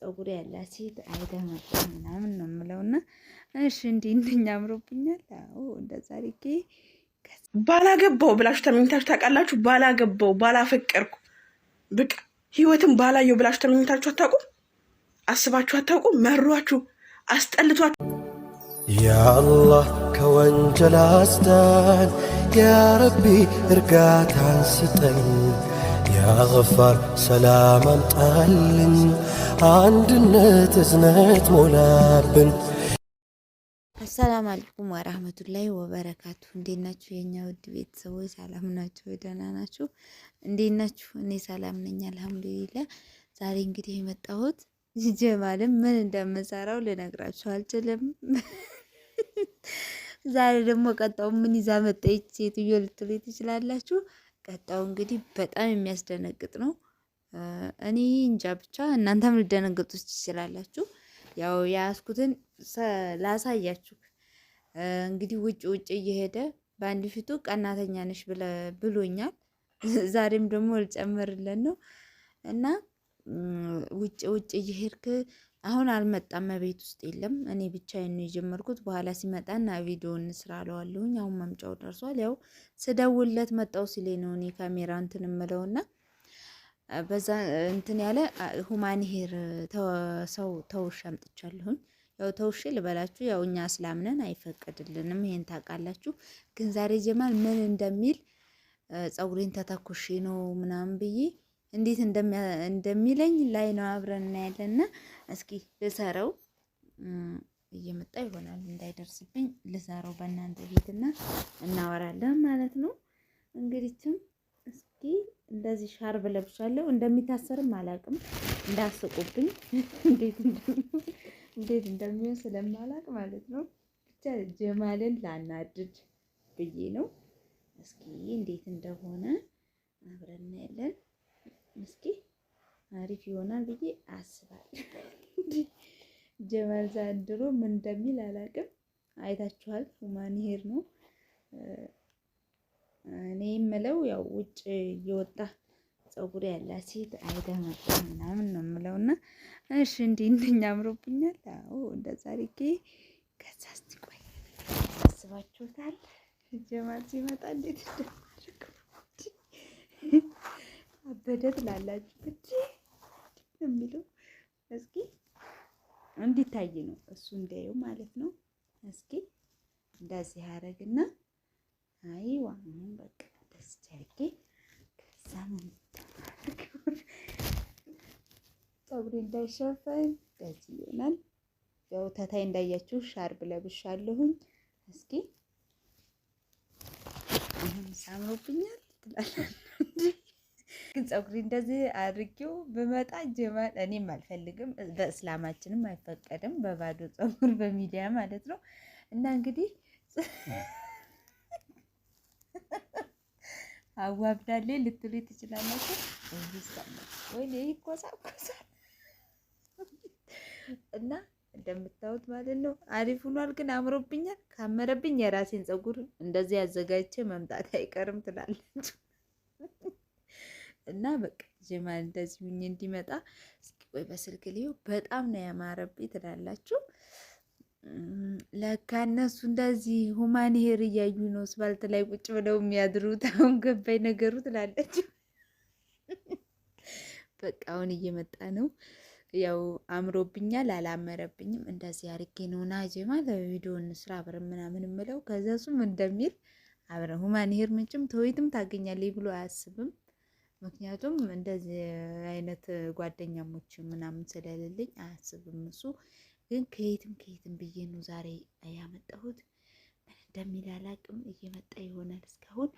ፀጉር ያላት ሴት አይደ መጣ ምናምን ነው የምለው። እና እሺ እንዲህ እንደኛ አምሮብኛል። እንደዛ አድርጌ ባላገባው ብላችሁ ተመኝታችሁ ታውቃላችሁ? ባላገባው ባላፈቀርኩ በቃ ህይወትን ባላየው ብላችሁ ተመኝታችሁ አታውቁም? አስባችሁ አታውቁም? መሯችሁ፣ አስጠልቷችሁ። ያአላህ ከወንጀል አስዳን፣ ያረቢ እርጋታን ስጠኝ ከአፋር ሰላም አምጣልን፣ አንድነት እዝነት ሞላብን። አሰላም አለይኩም ወራህመቱላሂ ወበረካቱ። እንዴት ናችሁ የኛ ውድ ቤተሰቦች? ሰላም ናችሁ? ደህና ናችሁ? እንዴት ናችሁ? እኔ ሰላም ነኝ አልሐምዱሊላህ። ዛሬ እንግዲህ የመጣሁት ጀማልም ምን እንደምሰራው ልነግራችሁ አልችልም። ዛሬ ደግሞ ቀጣው ምን ይዛ መጣች ሴትዮ ልትሉኝ ትችላላችሁ። ቀጣዩ እንግዲህ በጣም የሚያስደነግጥ ነው። እኔ እንጃ ብቻ እናንተም ልደነግጡ ትችላላችሁ። ያው የያዝኩትን ላሳያችሁ እንግዲህ ውጭ ውጭ እየሄደ በአንድ ፊቱ ቀናተኛ ነሽ ብሎኛል። ዛሬም ደግሞ ልጨምርለን ነው እና ውጭ ውጭ እየሄድክ አሁን አልመጣም፣ ቤት ውስጥ የለም። እኔ ብቻዬን ነው የጀመርኩት። በኋላ ሲመጣ እና ቪዲዮ እንስራ አለዋለሁኝ። አሁን መምጫው ደርሷል። ያው ስደውልለት መጣው ሲሌ ነው እኔ ካሜራ እንትን እምለውና በዛ እንትን ያለ ሁማን ሄር ሰው ተውሽ አምጥቻለሁኝ። ያው ተውሽ ልበላችሁ፣ ያው እኛ እስላምነን አይፈቀድልንም። ይሄን ታውቃላችሁ። ግን ዛሬ ጀማል ምን እንደሚል ፀጉሬን ተተኩሼ ነው ምናምን ብዬ እንዴት እንደሚለኝ ላይ ነው አብረን እናያለን። እና እስኪ ልሰረው እየመጣ ይሆናል እንዳይደርስብኝ ልሰረው በእናንተ ቤትና እናወራለን ማለት ነው። እንግዲችም እስኪ እንደዚህ ሻርብ ለብሻለሁ። እንደሚታሰርም አላውቅም፣ እንዳስቁብኝ እንዴት እንደሚሆን ስለማላውቅ ማለት ነው። ብቻ ጀማልን ላናድድ ብዬ ነው። እስኪ እንዴት እንደሆነ አብረን እናያለን። እስኪ አሪፍ ይሆናል ብዬ አስባለሁ። ጀማል ዘንድሮ ምን እንደሚል አላቅም። አይታችኋል። ሁማን ሄር ነው እኔ የምለው ያው ውጭ እየወጣ ፀጉር ያላ ሴት አይደመጣ ምናምን ነው የምለው እና እሺ እንዲ እንደኛ አምሮብኛል። አዎ እንደዛ አድርጌ ከዛ እስቲ ቆይ አስባችሁታል ጀማል ሲመጣ እንዴት እንደማደርገው አበደ ትላላችሁ እንጂ የሚለው እስኪ እንዲታይ ነው እሱ እንዲያየው ማለት ነው። እስኪ እንደዚህ ያደርግና አይዋ አሁን በቃ ደስ ያርጌ ከዛ ፀጉሬ እንዳይሸፈን እንደዚህ ይሆናል። ያው ተታይ እንዳያችሁ ሻርብ ለብሻለሁኝ። እስኪ አሁን ሳምሮብኛል ትላላችሁ እንጂ ግን ፀጉሪ እንደዚህ አድርጌው ብመጣ ጀማል እኔም አልፈልግም። በእስላማችንም አይፈቀድም በባዶ ፀጉር በሚዲያ ማለት ነው። እና እንግዲህ አዋብዳሌ ልትሉ ትችላላችሁ። ወይ ይህ ይኮሳኮሳል እና እንደምታዩት ማለት ነው አሪፍ ሆኗል። ግን አምሮብኛል። ካመረብኝ የራሴን ፀጉር እንደዚህ አዘጋጅቼ መምጣት አይቀርም ትላለች። እና በቃ ጀማል እንደዚህ ሁኝ እንዲመጣ እስኪ ቆይ በስልክ ልዩ በጣም ነው ያማረብኝ ትላላችሁ። ለካ እነሱ እንደዚህ ሁማን ሄር እያዩ ነው አስፋልት ላይ ቁጭ ብለው የሚያድሩት። አሁን ገባኝ ነገሩ ትላለች። በቃ አሁን እየመጣ ነው። ያው አምሮብኛል አላመረብኝም፣ እንደዚህ አርጌ ነው ና ጀማል ቪዲዮ እንስራ አብረን ምናምን ምለው ከዛ እሱም እንደሚል አብረን ሁማን ሄር ምንጭም ተወይትም ታገኛለች ብሎ አያስብም። ምክንያቱም እንደዚህ አይነት ጓደኛሞች ምናምን ስለሌለኝ አያስብም እሱ። ግን ከየትም ከየትም ብዬ ነው ዛሬ ያመጣሁት። ምን እንደሚል አላቅም። እየመጣ ይሆናል። እስካሁን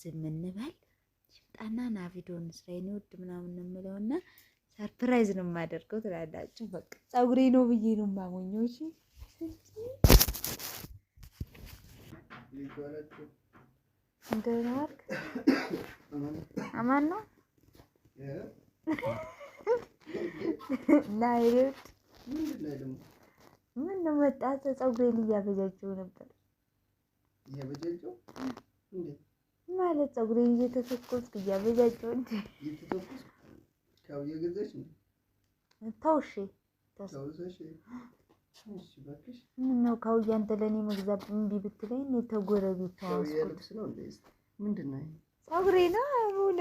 ዝም እንበል። ሽምጣና ና ቪዲዮን ስራዬን ውድ ምናምን የምለውና ሰርፕራይዝ ነው የማደርገው ትላላችሁ። በቃ ፀጉሬ ነው ብዬ ነው የማሞኘው። እሺ እንደምን ዋልክ? አማን ነው ላይሬት ምን ነው ወጣት ፀጉሬን እያበጃጀው ነበር ማለት ፀጉሬን እየተተኮስኩ እያበጃጀው እንዴ ተውሽ ምን ነው ካውዬ፣ አንተ ለእኔ መግዛት እምቢ ብትለኝ እኔ ተጎረቤት ፀጉሬ ነው አሞላ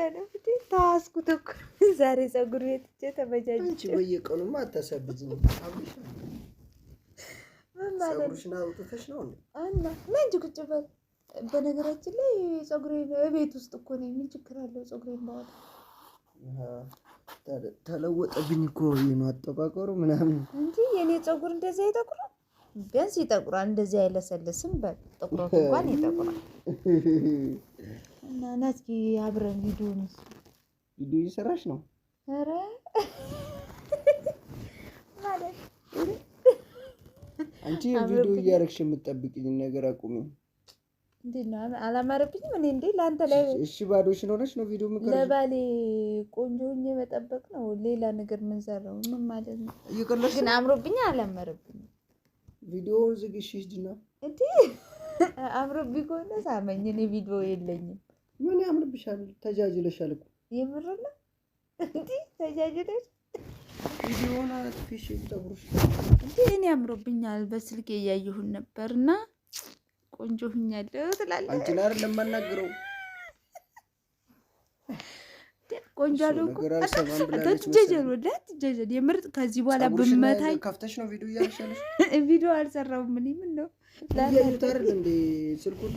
ተዋስኩት እኮ ዛሬ ፀጉር ቤት ተበጃጅቼ። በየቀኑማ አታሳብዝም። ምን ማለት ነው? ነው ቁጭ በል። በነገራችን ላይ ፀጉሬ ቤት ውስጥ እኮ ነኝ። ምን ችግር አለው ፀጉሬን ባወጣ ተለወጠብኝ እኮ ነው አጠቋቆሩ ምናምን። እንጂ የኔ ፀጉር እንደዚህ ይጠቁራል፣ ቢያንስ ይጠቁራል። እንደዚህ አይለሰልስም፣ በጥቁረት እንኳን ይጠቁራል። እና ናት አብረን ቪዲዮን ቪዲዮ እየሰራሽ ነው። ኧረ ማለት አንቺ ቪዲዮ እያደረግሽ የምትጠብቅኝ ነገር አቁሚ። እንዴት ነው? አላማረብኝም? እኔ እንዴ ለአንተ ላይ እሺ፣ ባዶሽን ሆነሽ ነው ቪዲዮ ምከረ ለባሌ ቆንጆ ሆኜ መጠበቅ ነው። ሌላ ነገር ምን ሰራው? ምን ማለት ነው? እየቀለሽ ግን አምሮብኝ አላማረብኝ። ቪዲዮውን ዝግ። እሺ፣ ሂጂና እንዴ አምሮብኝ ከሆነ ሳመኝ። እኔ ቪዲዮ የለኝም። ምን ያምርብሻል? ተጃጅለሻል እኮ የምር ነው እንዴ ተጃጅለሽ ቪዲዮውን አጥፊሽ፣ ጠጉርሽ እንዴ እኔ አምሮብኛል። በስልክ እያየሁን ነበርና ቆንጆ ሁኛለሁ ትላለህ። አንቺን አይደል የማናግረው ቆንጆ አለው እኮ ከዚህ በኋላ ብመታኝ ከፍተሽ ነው ቪዲዮ እያልሻለሽ። ቪዲዮ አልሰራሁም። ምን ምን ነው ስልኩን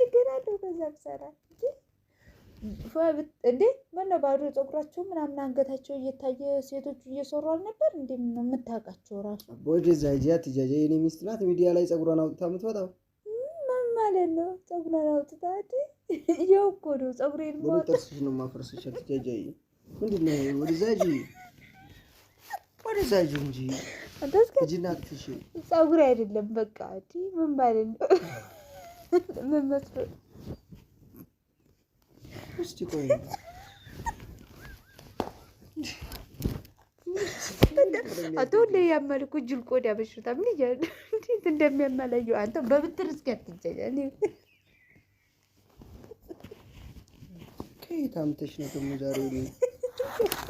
ችግር አለው ከዛ ብሰራ እንዴ ምነው ባዶ ፀጉራቸው ምናምን አንገታቸው እየታየ ሴቶቹ እየሰሩ አልነበር? እንዴ ነው የምታውቃቸው ራሱ ወደዛ የኔ ሚስት ናት ሚዲያ ላይ ፀጉሯን አውጥታ የምትወጣው ምን ማለት ነው? ፀጉሯን አውጥታ ያው እኮ ነው ፀጉሬን ጥርስሽ ነው ምንድን ነው? ወደዛ ወደዛ እንጂ ትሽ ፀጉሬ አይደለም በቃ ምን ማለት ነው? ምን እስቲ ቆይ አቶ ሁሌ ጅል ቆዳ በሽታ ምን እያለ እንዴት እንደሚያማላየው አንተ በብትር እስኪ አትጀኛል። ከየት አምተሽ ነው ደግሞ ዛሬ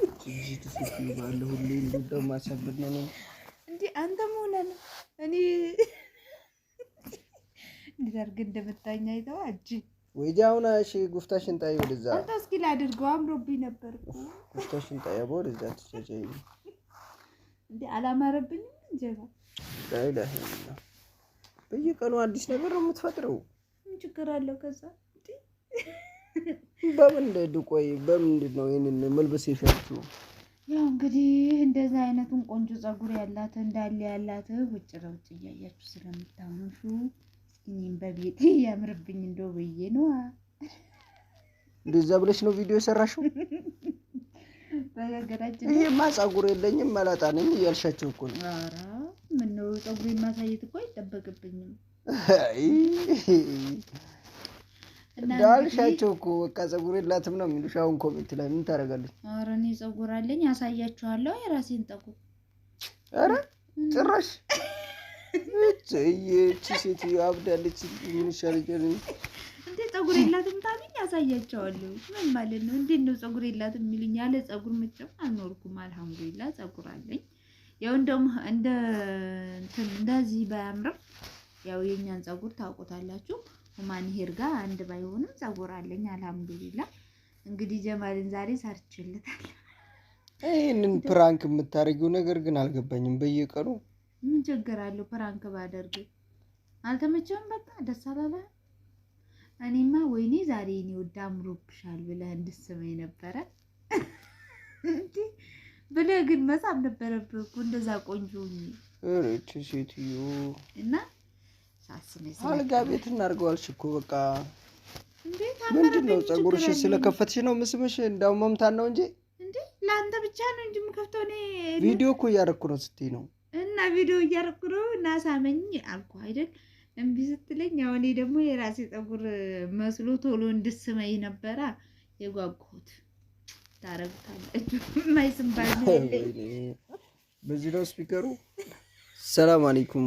እጅ ትስስ ባለ ሁሌ እንደው ማሳብድ ነው እንዴ አንተ መሆነ ነው እኔ እንዲህ አድርገህ እንደመታኝ እጅ ወይ አሁን እሺ፣ ጉፍታሽን ጣይ ወደዛ። አንተ እስኪ ላድርገው አምሮብኝ ነበር እኮ ጉፍታሽን ጣይ አቦ ወደዛ። ትጨጨይ እንዴ አላማረብኝም። እንጀባ ላይ ላይ በየቀኑ አዲስ ነገር ነው የምትፈጥረው። ምን ችግር አለው? ከዛ በምን ቆይ፣ በምንድን ነው ይሄንን መልበስ የፈለግሽው? ያው እንግዲህ እንደዛ አይነቱን ቆንጆ ጸጉር ያላት እንዳለ ያላት ውጭ ለውጭ እያያችሁ ስለምታምሹ እኔም በቤት ያምርብኝ እንደው ብዬ ነው። እንደዛ ብለሽ ነው ቪዲዮ የሰራሽው? በነገራችን ይሄማ ፀጉር የለኝም መላጣ ነኝ እያልሻቸው እኮ ነው። ኧረ ምነው ጸጉሬ ማሳየት እኮ አይጠበቅብኝም እንዳልሻቸው እኮ በቃ ጸጉር የላትም ነው የሚሉሽ። አሁን ኮሜንት ላይ ምን ታደርጋለች? ኧረ እኔ ጸጉር አለኝ አሳያችኋለሁ፣ የራሴን ጠጉር ኧረ ጭራሽ ይህቺ ሴት አብዳለች። ምን ይሻለኛል? እንዴ ፀጉር የላትም ታሚኝ ያሳያቸዋለሁ። ምን ማለት ነው? እንዴት ነው ፀጉር የላትም የሚልኝ? ያለ ፀጉር መቼም አልኖርኩም። አልሐምዱሊላ ፀጉር አለኝ። ያው እንደውም እንደ እንደዚህ ባያምርም ያው የእኛን ፀጉር ታውቁታላችሁ። ሁማን ሄር ጋር አንድ ባይሆንም ፀጉር አለኝ አልሐምዱሊላ። እንግዲህ ጀማልን ዛሬ ሰርችልታል። ይህንን ፕራንክ የምታደርጊው ነገር ግን አልገባኝም። በየቀኑ ምን ችግር አለው? ፕራንክ ባደርግ አልተመቸም? በቃ ደስ አላለህ? እኔማ ወይኔ ዛሬ እኔ ወዳ አምሮብሻል ብለህ እንድስመኝ ነበረ እንዴ ብለህ ግን መሳም ነበረብህ እኮ እንደዛ ቆንጆ እቺ ሴትዮ እና አልጋ ቤት እናድርገዋልሽ እኮ በቃ ምንድን ነው ፀጉርሽ ስለከፈትሽ ነው ምስምሽ እንዳው መምታን ነው እንጂ እንዴ ለአንተ ብቻ ነው እንጂ የምከፍተው እኔ ቪዲዮ እኮ እያደረኩ ነው ስትይ ነው እና ቪዲዮ እያደረኩ ነው እና ሳመኝ አልኩ አይደል እምቢ ስትለኝ፣ ያው እኔ ደግሞ የራሴ ጸጉር መስሎ ቶሎ እንድስመኝ ነበራ የጓጓሁት። ታረጉታላችሁ ማይስም ባል በዚህ ነው ስፒከሩ። ሰላም አለይኩም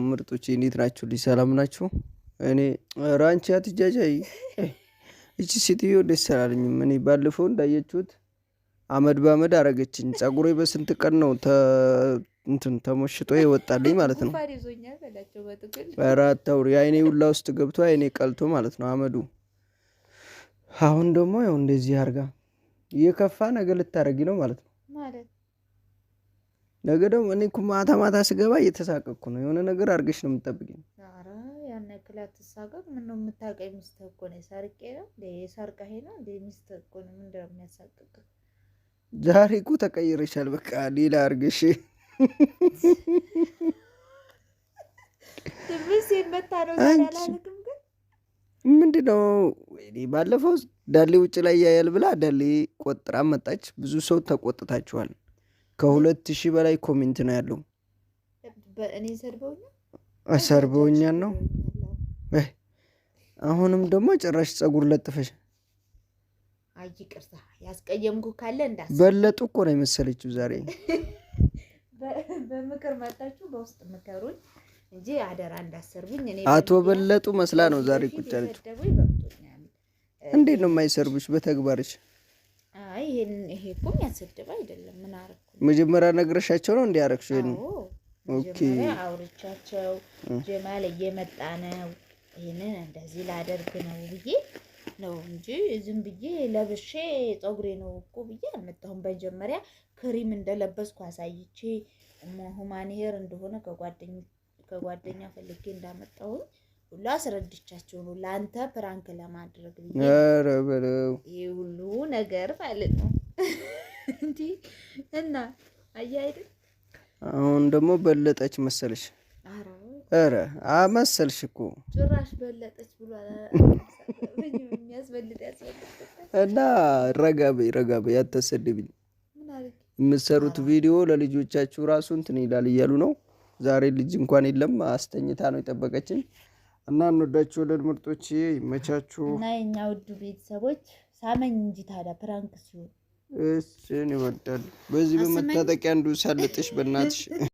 እንዴት ናችሁ? ልጅ ሰላም ናችሁ? እኔ ራንቺ አትጃጃይ። እቺ ሴትዮ ደስ አላለኝም። እኔ ባለፈው እንዳየችሁት አመድ በአመድ አረገችኝ። ጸጉሬ በስንት ቀን ነው እንትን ተሞሽጦ ይወጣልኝ ማለት ነው። ራት አውሪ አይኔ ሁላ ውስጥ ገብቶ አይኔ ቀልቶ ማለት ነው አመዱ። አሁን ደግሞ ያው እንደዚህ አርጋ እየከፋ ነገ ልታረጊ ነው ማለት ነው። ነገ ደግሞ እኔ እኮ ማታ ማታ ስገባ እየተሳቀቅኩ ነው። የሆነ ነገር አርገሽ ነው የምጠብቂኝ። ያን ያክል አትሳቀቅ። ምን ነው የምታውቀኝ? ሚስትህ እኮ ነው። የሰርቄ ነው ሰርቀሄ ነው ሚስትህ እኮ ነው። ምን እንደሚያሳቅቅ ዛሬ እኮ ተቀይረሻል። በቃ ሌላ አርገሽ ምንድነው ነው? ባለፈው ዳሌ ውጭ ላይ ያያል ብላ ዳሌ ቆጥራ መጣች። ብዙ ሰው ተቆጥታችኋል። ከሁለት ሺህ በላይ ኮሜንት ነው ያለው። ሰርበውኛል ነው አሁንም ደግሞ ጭራሽ ጸጉር ለጥፈሻል። አይ ይቅርታ፣ ያስቀየምኩ ካለ እንዳ በለጡ እኮ ነው የመሰለችው። ዛሬ በምክር መጣችሁ፣ በውስጥ ምከሩኝ እንጂ አደራ እንዳሰርቡኝ። እኔ አቶ በለጡ መስላ ነው ዛሬ ቁጭ ያለችው። እንዴት ነው የማይሰርቡሽ በተግባርሽ? አይ ይሄን ይሄ እኮ የሚያሰድብ አይደለም። ምን አረኩ? መጀመሪያ ነግረሻቸው ነው እንዲያረክሽ? ይሄን ኦኬ፣ አውርቻቸው ጀማል እየመጣ ነው፣ ይህንን እንደዚህ ላደርግ ነው ብዬ ነው እንጂ ዝም ብዬ ለብሼ ፀጉሬ ነው እኮ ብዬ አልመጣሁም። በመጀመሪያ ክሪም እንደለበስኩ አሳይቼ ሁማን ሄር እንደሆነ ከጓደኛ ፈልጌ እንዳመጣሁኝ ሁሉ አስረድቻቸው ነው ለአንተ ፕራንክ ለማድረግ ይህ ሁሉ ነገር ማለት ነው እንዲ እና አያይደ አሁን ደግሞ በለጠች መሰለሽ። ኧረ አመሰልሽ እኮ ጭራሽ በለጠች ብሏል። እና ረጋ በይ ረጋ የምትሰሩት ቪዲዮ ለልጆቻችሁ ራሱ እንትን ይላል እያሉ ነው። ዛሬ ልጅ እንኳን የለም አስተኝታ ነው የጠበቀችን። እና እንወዳችሁ እንወዳችኋለን ምርጦች፣ ይመቻችሁ። እና የኛ ውዱ ቤተሰቦች ሳመኝ እንጂ ታዲያ ፕራንክ ሲሆን እችን ይወዳል። በዚህ በመታጠቂያ አንዱ ሳለጥሽ በእናትሽ